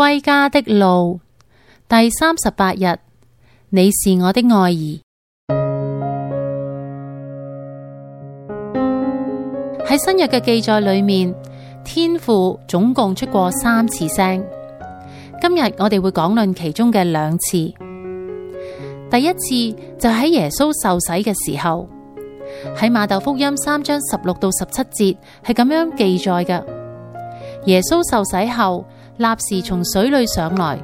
歸家的路第三十八日，你是我的愛兒。喺 新約嘅記載裏面，天父總共出過三次聲。今日我哋會講論其中嘅兩次。第一次就喺耶穌受洗嘅時候，喺馬竇福音三章十六到十七節係咁樣記載嘅。耶穌受洗後。立時從水裏上來，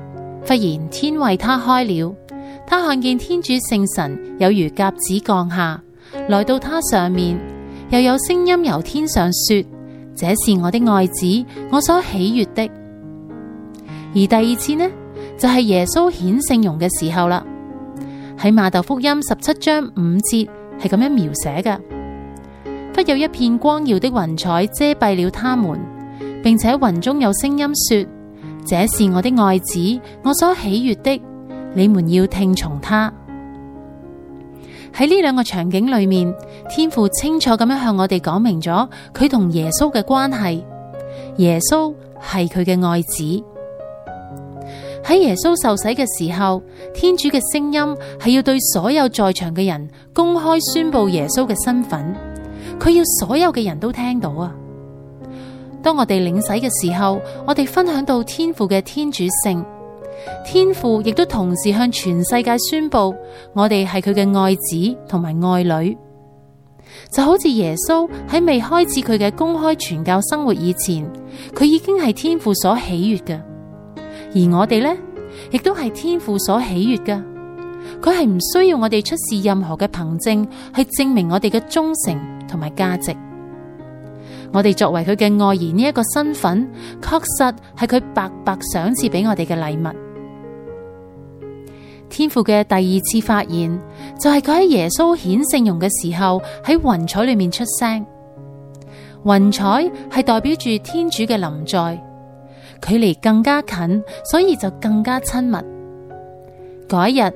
忽然天為他開了，他看見天主聖神有如鴿子降下來到他上面，又有聲音由天上說：這是我的愛子，我所喜悦的。而第二次呢，就係、是、耶穌顯聖容嘅時候啦。喺馬竇福音十七章五節係咁樣描寫嘅：忽有一片光耀的雲彩遮蔽了他們，並且雲中有聲音說。這是我的愛子，我所喜悦的，你們要聽從他。喺呢兩個場景裏面，天父清楚咁樣向我哋講明咗佢同耶穌嘅關係，耶穌係佢嘅愛子。喺耶穌受洗嘅時候，天主嘅聲音係要對所有在場嘅人公開宣布耶穌嘅身份，佢要所有嘅人都聽到啊。當我哋領洗嘅時候，我哋分享到天父嘅天主性，天父亦都同時向全世界宣布，我哋係佢嘅愛子同埋愛女，就好似耶穌喺未開始佢嘅公開傳教生活以前，佢已經係天父所喜悅嘅，而我哋呢，亦都係天父所喜悅嘅，佢係唔需要我哋出示任何嘅憑證去證明我哋嘅忠誠同埋價值。我哋作為佢嘅愛兒呢一個身份，確實係佢白白賞賜俾我哋嘅禮物。天父嘅第二次發言就係佢喺耶穌顯聖容嘅時候喺雲彩裏面出聲，雲彩係代表住天主嘅臨在，距離更加近，所以就更加親密。嗰一日，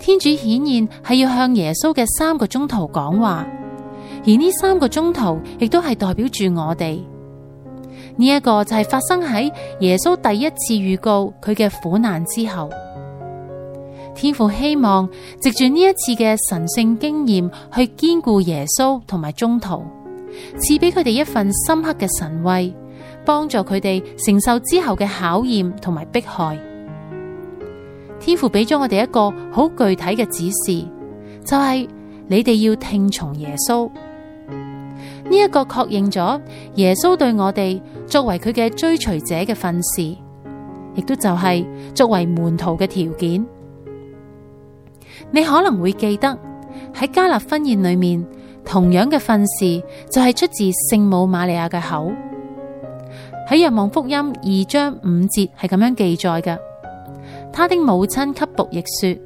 天主顯現係要向耶穌嘅三個宗徒講話。而呢三個宗徒亦都係代表住我哋。呢一個就係發生喺耶穌第一次預告佢嘅苦難之後，天父希望藉住呢一次嘅神聖經驗去堅固耶穌同埋宗徒，賜俾佢哋一份深刻嘅神慰，幫助佢哋承受之後嘅考驗同埋迫害。天父俾咗我哋一個好具體嘅指示，就係、是、你哋要聽從耶穌。呢一個確認咗耶穌對我哋作為佢嘅追隨者嘅訓示，亦都就係作為門徒嘅條件。你可能會記得喺加納婚宴裏面，同樣嘅訓示就係出自聖母瑪利亞嘅口。喺《若望福音》二章五節係咁樣記載嘅：他的母親給僕役說，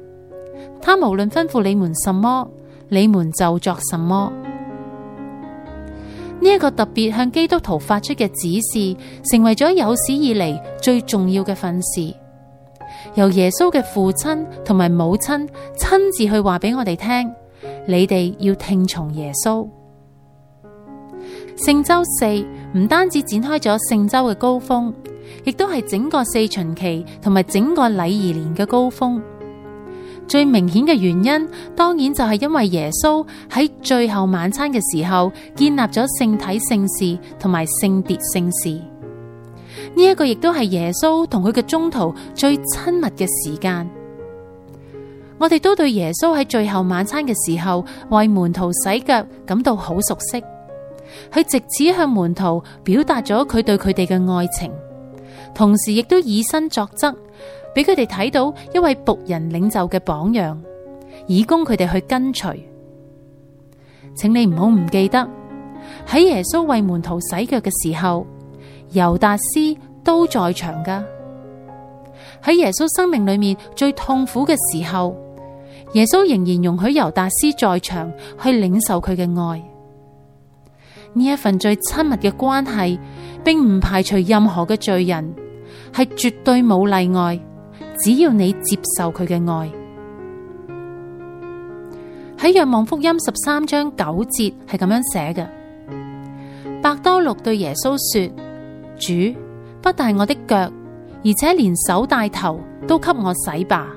他無論吩咐你們什麼，你們就作什麼。呢一個特別向基督徒發出嘅指示，成為咗有史以嚟最重要嘅訓示。由耶穌嘅父親同埋母親親自去話俾我哋聽，你哋要聽從耶穌。聖週四唔單止展開咗聖週嘅高峰，亦都係整個四旬期同埋整個禮儀年嘅高峰。最明顯嘅原因，當然就係因為耶穌喺最後晚餐嘅時候建立咗聖體聖事同埋聖秩聖事。呢、這、一個亦都係耶穌同佢嘅宗徒最親密嘅時間。我哋都對耶穌喺最後晚餐嘅時候為門徒洗腳感到好熟悉。佢藉此向門徒表達咗佢對佢哋嘅愛情，同時亦都以身作則。俾佢哋睇到一位僕人領袖嘅榜樣，以供佢哋去跟隨。請你唔好唔記得喺耶穌為門徒洗腳嘅時候，猶達斯都在場噶。喺耶穌生命裏面最痛苦嘅時候，耶穌仍然容許猶達斯在場去領受佢嘅愛。呢一份最親密嘅關係，並唔排除任何嘅罪人，係絕對冇例外。只要你接受佢嘅愛，喺《若望福音》十三章九節係咁樣寫嘅。伯多祿對耶穌說：主，不但我的腳，而且連手帶頭都給我洗吧。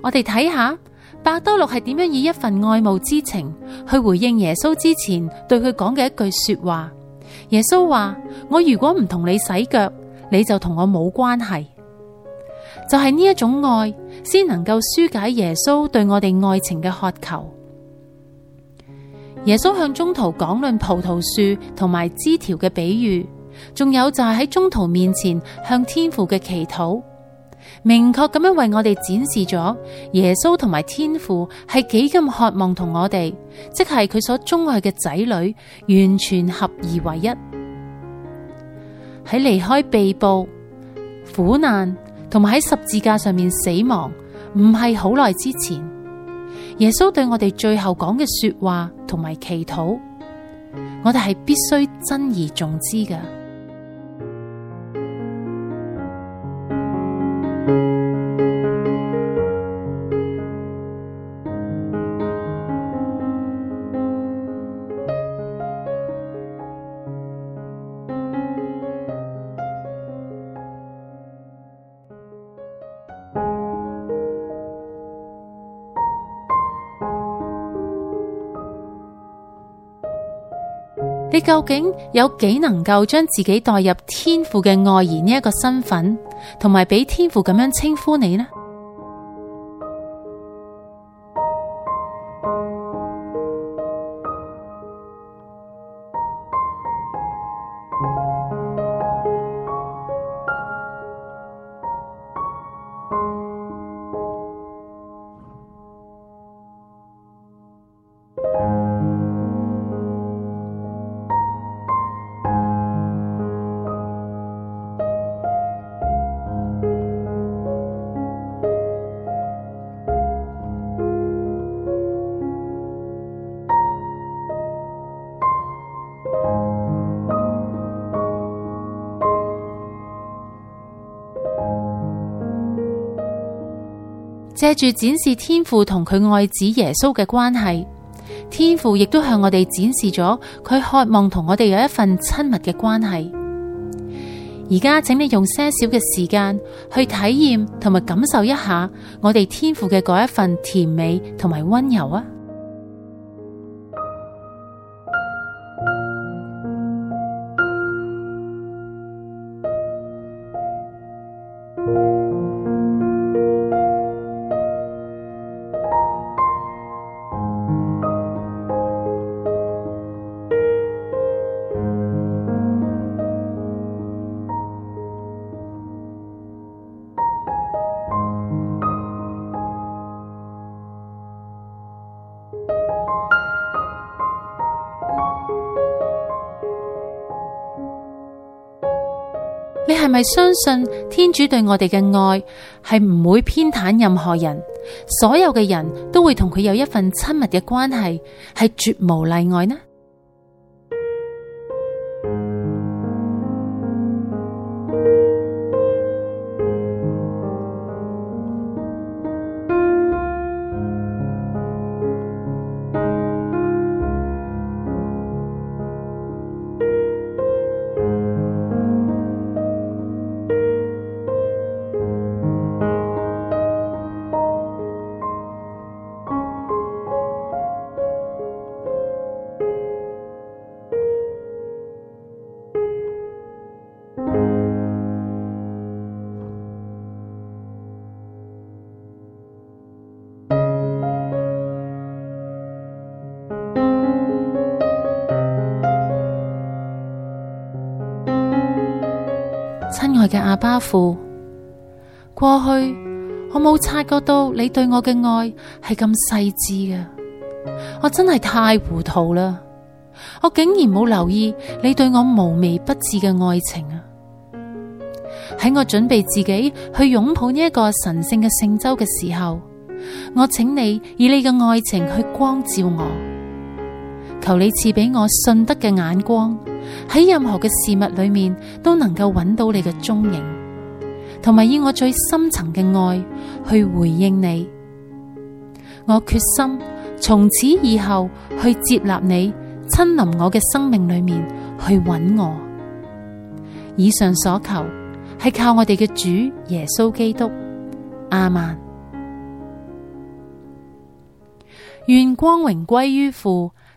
我哋睇下伯多祿係點樣以一份愛慕之情去回應耶穌之前對佢講嘅一句說話。耶穌話：我如果唔同你洗腳，你就同我冇關係。就係呢一種愛，先能夠紓解耶穌對我哋愛情嘅渴求。耶穌向宗徒講論葡萄樹同埋枝條嘅比喻，仲有就係喺宗徒面前向天父嘅祈禱，明確咁樣為我哋展示咗耶穌同埋天父係幾咁渴望同我哋，即係佢所鍾愛嘅仔女，完全合而為一。喺離開被捕、苦難，同埋喺十字架上面死亡，唔係好耐之前，耶穌對我哋最後講嘅說話同埋祈禱，我哋係必須珍而重之嘅。你究竟有幾能夠將自己代入天父嘅愛兒呢一個身份，同埋俾天父咁樣稱呼你呢？借住展示天父同佢愛子耶穌嘅關係，天父亦都向我哋展示咗佢渴望同我哋有一份親密嘅關係。而家請你用些少嘅時間去體驗同埋感受一下我哋天父嘅嗰一份甜美同埋溫柔啊！係相信天主對我哋嘅愛係唔會偏袒任何人，所有嘅人都會同佢有一份親密嘅關係，係絕無例外呢？親愛嘅阿爸父，過去我冇察覺到你對我嘅愛係咁細緻嘅，我真係太糊塗啦！我竟然冇留意你對我無微不至嘅愛情啊！喺我準備自己去擁抱呢一個神聖嘅聖週嘅時候，我請你以你嘅愛情去光照我。求你賜俾我信德嘅眼光，喺任何嘅事物裏面都能夠揾到你嘅蹤影，同埋以我最深層嘅愛去回應你。我決心從此以後去接納你，親臨我嘅生命裏面去揾我。以上所求係靠我哋嘅主耶穌基督。亞孟。願光榮歸於父。